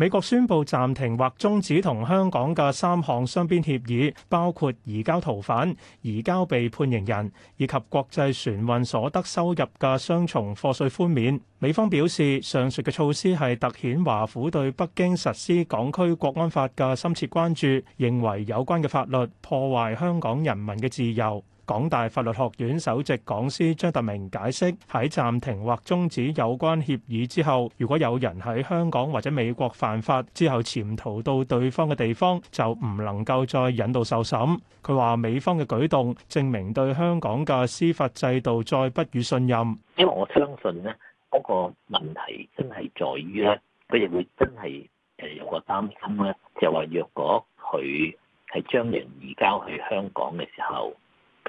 美國宣布暫停或中止同香港嘅三項雙邊協議，包括移交逃犯、移交被判刑人以及國際船運所得收入嘅雙重課稅寬免。美方表示，上述嘅措施係凸顯華府對北京實施港區國安法嘅深切關注，認為有關嘅法律破壞香港人民嘅自由。港大法律學院首席講師張達明解釋：喺暫停或終止有關協議之後，如果有人喺香港或者美國犯法之後潛逃到對方嘅地方，就唔能夠再引渡受審。佢話：美方嘅舉動證明對香港嘅司法制度再不予信任。因為我相信咧，嗰個問題真係在於咧，佢哋會真係誒有個擔心咧，就話若果佢係將人移交去香港嘅時候。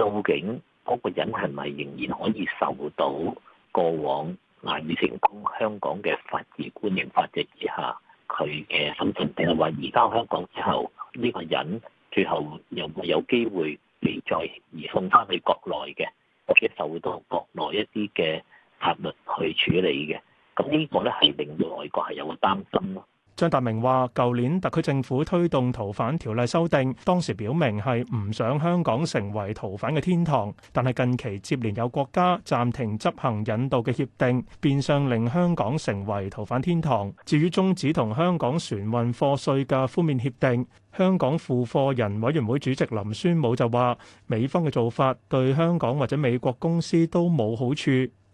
究竟嗰個人係咪仍然可以受到過往難以成功香港嘅法治觀念、法治之下佢嘅審訊？定係話而家香港之後呢、呢個人最後有冇有機會被再移送翻去國內嘅，或者受到國內一啲嘅法律去處理嘅？咁呢個咧係令到外國係有個擔心咯。張達明話，舊年特區政府推動逃犯條例修訂，當時表明係唔想香港成為逃犯嘅天堂。但係近期接連有國家暫停執行引渡嘅協定，變相令香港成為逃犯天堂。至於終止同香港船運課稅嘅寬免協定，香港付貨人委員會主席林宣武就話，美方嘅做法對香港或者美國公司都冇好處，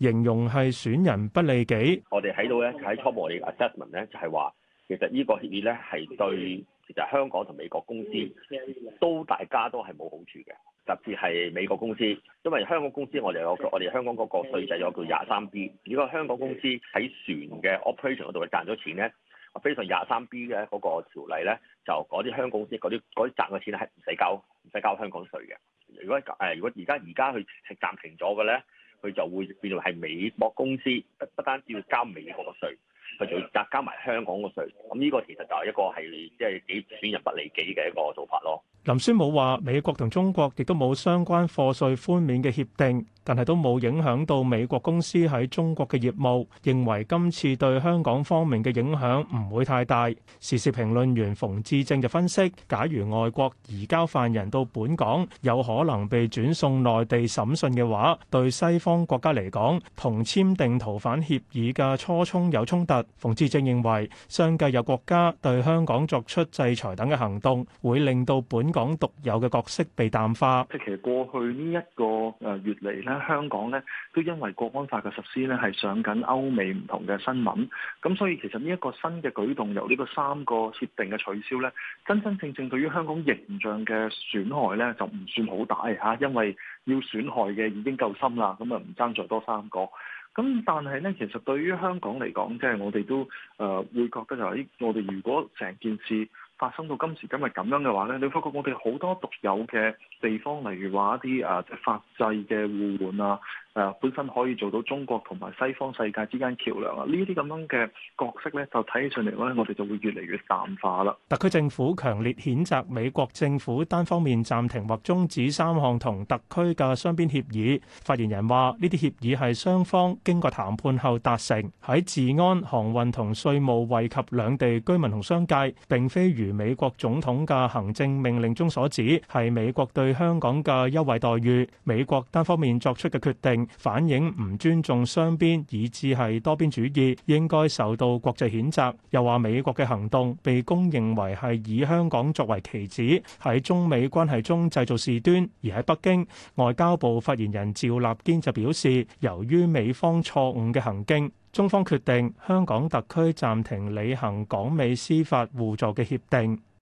形容係損人不利己。我哋喺度咧喺初步嘅 assessment 咧，就係話。其實呢個協議咧係對，其實香港同美國公司都大家都係冇好處嘅，特別係美國公司，因為香港公司我哋有我哋香港嗰個稅制有叫廿三 B，如果香港公司喺船嘅 operation 嗰度咧賺咗錢咧，非常廿三 B 嘅嗰個條例咧，就嗰啲香港公司嗰啲啲賺嘅錢係唔使交唔使交香港稅嘅。如果誒如果而家而家佢暫停咗嘅咧，佢就會變做係美國公司不不單止要交美國嘅稅，佢仲要加加埋香港個稅，咁呢個其實就係一個係即係幾損人不利己嘅一個做法咯。林宣武話美國同中國亦都冇相關課稅寬免嘅協定，但係都冇影響到美國公司喺中國嘅業務，認為今次對香港方面嘅影響唔會太大。時事評論員馮志正就分析，假如外國移交犯人到本港，有可能被轉送內地審訊嘅話，對西方國家嚟講，同簽訂逃犯協議嘅初衷有衝突。馮志正認為相繼有國家對香港作出制裁等嘅行動會令到本港獨有嘅角色被淡化。即其實過去呢一個誒月嚟咧，香港咧都因為國安法嘅實施咧係上緊歐美唔同嘅新聞。咁所以其實呢一個新嘅舉動由呢個三個協定嘅取消咧，真真正正對於香港形象嘅損害咧就唔算好大嚇，因為要損害嘅已經夠深啦。咁啊唔爭再多三個。咁但係咧，其實對於香港嚟講，即係我哋都誒會覺得就係我哋如果成件事。發生到今時今日咁樣嘅話呢，你會發覺我哋好多獨有嘅地方，例如話一啲誒、啊、法制嘅互換啊。本身可以做到中國同埋西方世界之間橋樑啊。呢啲咁樣嘅角色咧，就睇起上嚟咧，我哋就會越嚟越淡化啦。特區政府強烈譴責美國政府單方面暫停或終止三項同特區嘅雙邊協議，發言人話呢啲協議係雙方經過談判後達成，喺治安、航運同稅務惠及兩地居民同商界。並非如美國總統嘅行政命令中所指，係美國對香港嘅優惠待遇。美國單方面作出嘅決定。反映唔尊重雙邊以致係多邊主義應該受到國際譴責，又話美國嘅行動被公認為係以香港作為棋子，喺中美關係中製造事端。而喺北京外交部發言人趙立堅就表示，由於美方錯誤嘅行徑，中方決定香港特區暫停履行港美司法互助嘅協定。